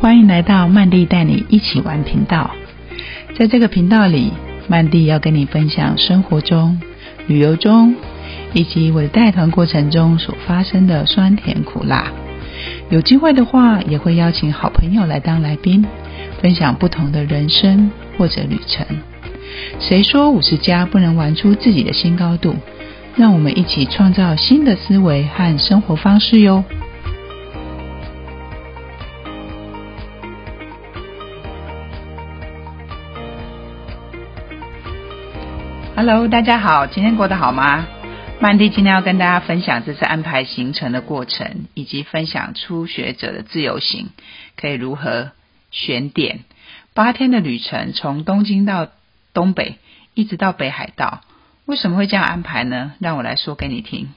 歡迎來到曼蒂帶你一起玩頻道。在這個頻道裡，曼蒂要跟你分享生活中、旅遊中以及我的帶團過程中所發生的酸甜苦辣。有機會的話，也會邀請好朋友來當來賓，分享不同的人生或者旅程。誰說五十加不能玩出自己的新高度？讓我們一起創造新的思維和生活方式喲！Hello，大家好，今天過得好嗎？曼蒂今天要跟大家分享這次安排行程的過程，以及分享初學者的自由行可以如何選點。八天的旅程，從東京到東北，一直到北海道，為什麼會這樣安排呢？讓我來說給你聽。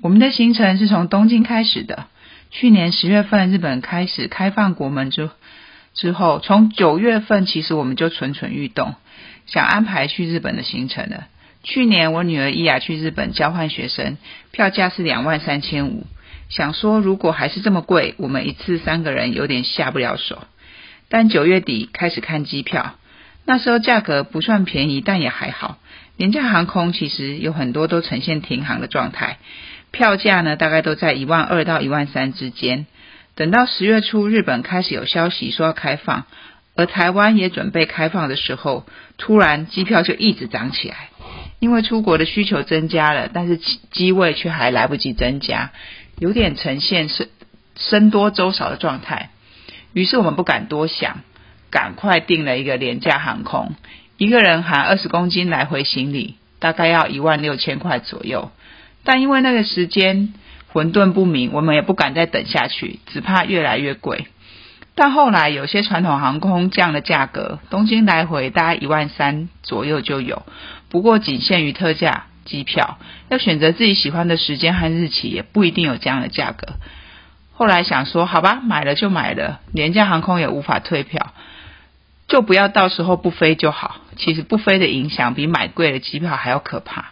我們的行程是從東京開始的，去年十月份日本開始開放國門之後，之後，從九月份其實我們就蠢蠢欲動，想安排去日本的行程了。去年我女兒伊雅去日本交換學生，票價是兩萬三千五。想說如果還是這麼貴，我們一次三個人有點下不了手。但九月底開始看機票，那時候價格不算便宜，但也還好。廉價航空其實有很多都呈現停航的狀態，票價呢，大概都在一萬二到一萬三之間。等到十月初，日本開始有消息說要開放，而台灣也準備開放的時候，突然機票就一直漲起來，因為出國的需求增加了，但是機位卻還來不及增加，有點呈現是“僧多粥少”的狀態。於是我們不敢多想，趕快訂了一個廉價航空，一個人含二十公斤來回行李，大概要一萬六千塊左右。但因為那個時間混沌不明，我們也不敢再等下去，只怕越來越貴。但後來有些傳統航空降的價格，東京來回大概一萬三左右就有，不過僅限於特價機票，要選擇自己喜歡的時間和日期，也不一定有這樣的價格。後來想說，好吧，買了就買了，廉價航空也無法退票，就不要到時候不飛就好。其實不飛的影響比買貴的機票還要可怕。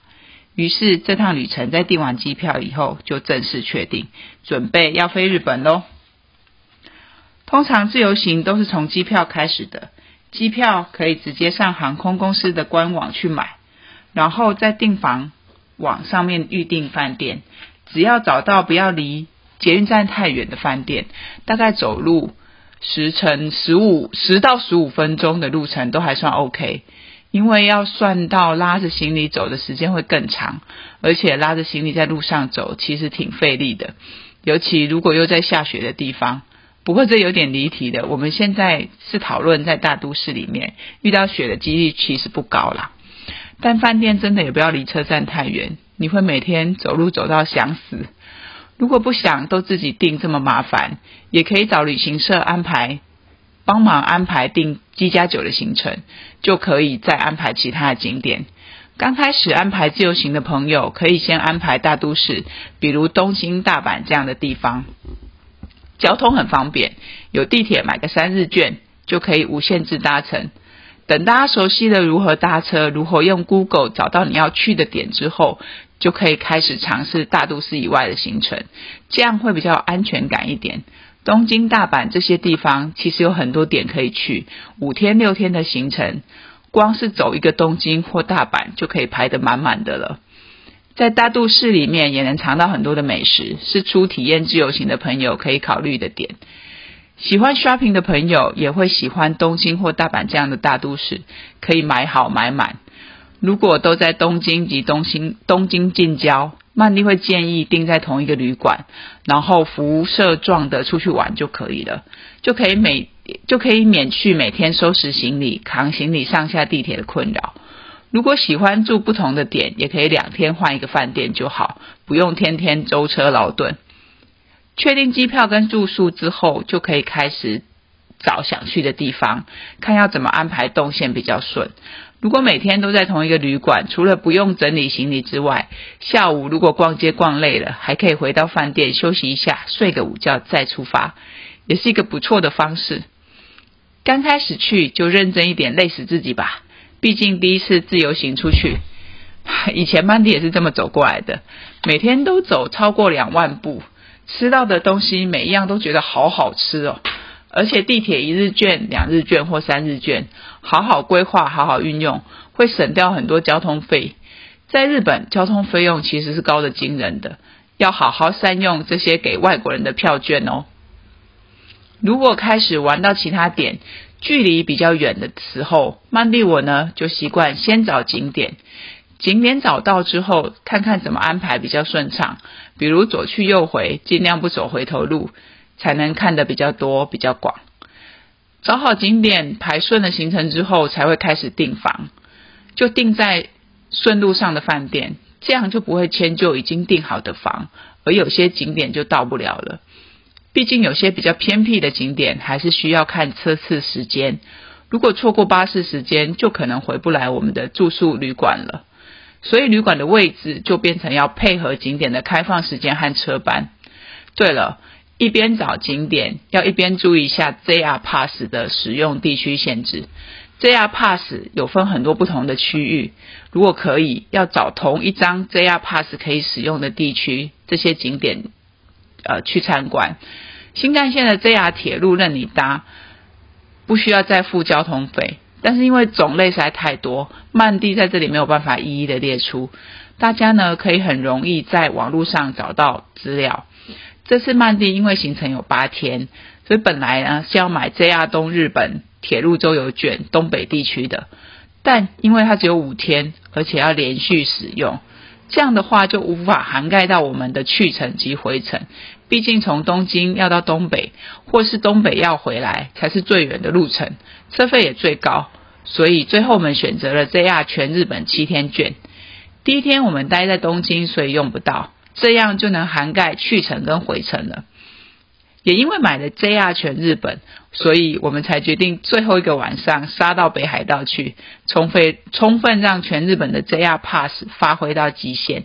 於是，這趟旅程在訂完機票以後就正式確定，準備要飛日本囉。通常自由行都是從機票開始的，機票可以直接上航空公司的官網去買，然後在訂房網上面預訂飯店，只要找到不要離捷運站太遠的飯店，大概走路時程十五、十到十五分鐘的路程都還算 OK。因為要算到拉着行李走的時間會更長，而且拉着行李在路上走其實挺費力的，尤其如果又在下雪的地方。不過這有點離題的，我們現在是討論在大都市裡面遇到雪的幾率其實不高啦。但飯店真的也不要離車站太遠，你會每天走路走到想死。如果不想都自己訂這麼麻煩，也可以找旅行社安排。幫忙安排訂機加酒的行程，就可以再安排其他的景點。剛開始安排自由行的朋友，可以先安排大都市，比如東京、大阪這樣的地方，交通很方便，有地鐵，買個三日券就可以無限制搭乘。等大家熟悉了如何搭車，如何用 Google 找到你要去的點之後，就可以開始嘗試大都市以外的行程，這樣會比較有安全感一點。東京、大阪這些地方其實有很多點可以去，五天六天的行程，光是走一個東京或大阪就可以排得滿滿的了。在大都市裡面也能嘗到很多的美食，是初體驗自由行的朋友可以考慮的點。喜歡 shopping 的朋友也會喜歡東京或大阪這樣的大都市，可以買好買滿。如果都在東京及東京東京近郊。曼麗會建議定在同一個旅館，然後輻射狀的出去玩就可以了，就可以每就可以免去每天收拾行李、扛行李上下地鐵的困擾。如果喜歡住不同的點，也可以兩天換一個飯店就好，不用天天舟車勞頓。確定機票跟住宿之後，就可以開始找想去的地方，看要怎麼安排動線比較順。如果每天都在同一個旅館，除了不用整理行李之外，下午如果逛街逛累了，還可以回到飯店休息一下，睡個午覺再出發，也是一個不錯的方式。剛開始去就認真一點，累死自己吧，畢竟第一次自由行出去，以前曼迪也是這麼走過來的，每天都走超過兩萬步，吃到的東西每一樣都覺得好好吃哦，而且地鐵一日券、兩日券或三日券。好好規劃，好好運用，會省掉很多交通費。在日本，交通費用其實是高得驚人的，要好好善用這些給外國人的票券哦。如果開始玩到其他點，距離比較遠的時候，曼蒂我呢就習慣先找景點，景點找到之後，看看怎麼安排比較順暢，比如左去右回，盡量不走回頭路，才能看得比較多，比較廣。找好景點排順了行程之後，才會開始訂房，就訂在順路上的飯店，這樣就不會遷就已經訂好的房，而有些景點就到不了了。畢竟有些比較偏僻的景點，還是需要看車次時間。如果錯過巴士時間，就可能回不來我們的住宿旅館了。所以旅館的位置就變成要配合景點的開放時間和車班。對了。一邊找景點，要一邊注意一下 JR Pass 的使用地區限制。JR Pass 有分很多不同的區域，如果可以，要找同一張 JR Pass 可以使用的地區，這些景點，呃，去參觀。新幹線的 JR 鐵路任你搭，不需要再付交通費。但是因為種類實在太多，曼蒂在這裡沒有辦法一一的列出，大家呢可以很容易在網絡上找到資料。這次曼蒂因為行程有八天，所以本來呢是要買 JR 東日本鐵路周遊券東北地區的，但因為它只有五天，而且要連續使用，這樣的話就無法涵蓋到我們的去程及回程。畢竟從東京要到東北，或是東北要回來，才是最遠的路程，車費也最高。所以最後我們選擇了 JR 全日本七天券。第一天我們待在東京，所以用不到。這樣就能涵蓋去程跟回程了。也因為買了 JR 全日本，所以我們才決定最後一個晚上殺到北海道去，充分充分讓全日本的 JR Pass 發揮到極限。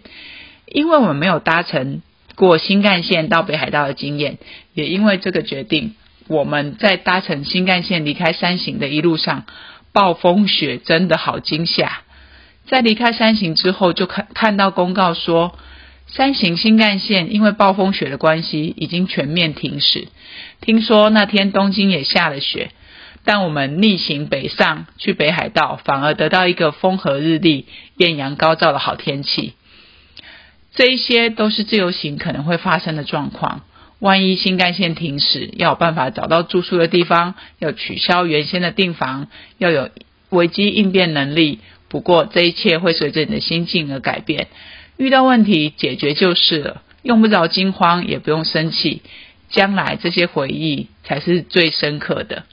因為我們沒有搭乘過新幹線到北海道的經驗，也因為這個決定，我們在搭乘新幹線離開山形的一路上，暴風雪真的好驚嚇。在離開山形之後，就看看到公告說。山形新幹線因為暴風雪的關係已經全面停駛。聽說那天東京也下了雪，但我們逆行北上去北海道，反而得到一個風和日麗、豔陽高照的好天氣。這一些都是自由行可能會發生的狀況。萬一新幹線停駛，要有辦法找到住宿的地方，要取消原先的訂房，要有危機應變能力。不過這一切會隨着你的心境而改變。遇到問題解決就是了，用不着驚慌，也不用生氣。將來這些回憶才是最深刻的。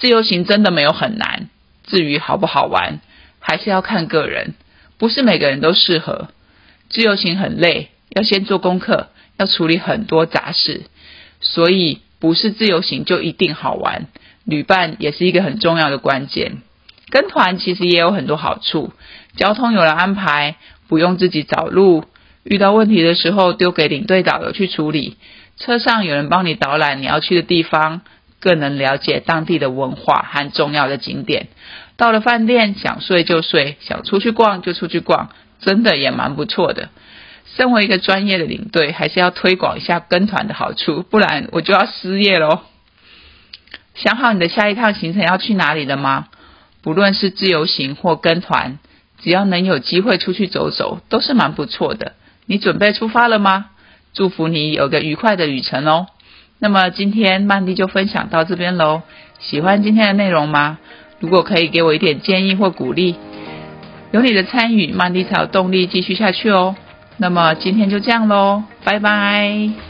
自由行真的沒有很難，至於好不好玩，還是要看個人，不是每個人都適合。自由行很累，要先做功課，要處理很多雜事，所以不是自由行就一定好玩。旅伴也是一個很重要的關鍵，跟團其實也有很多好處，交通有人安排。不用自己找路，遇到問題的時候丟給領隊導遊去處理。車上有人幫你導覽你要去的地方，更能了解當地的文化和重要的景點。到了飯店想睡就睡，想出去逛就出去逛，真的也蠻不錯的。身為一個專業的領隊，還是要推廣一下跟團的好處，不然我就要失業嘍。想好你的下一趟行程要去哪裡了嗎？不論是自由行或跟團。只要能有機會出去走走，都是蠻不錯的。你準備出發了嗎？祝福你有個愉快的旅程哦。那麼今天曼蒂就分享到這邊嘍。喜歡今天的內容嗎？如果可以給我一點建議或鼓勵，有你的參與，曼蒂才有動力繼續下去哦。那麼今天就這樣嘍，拜拜。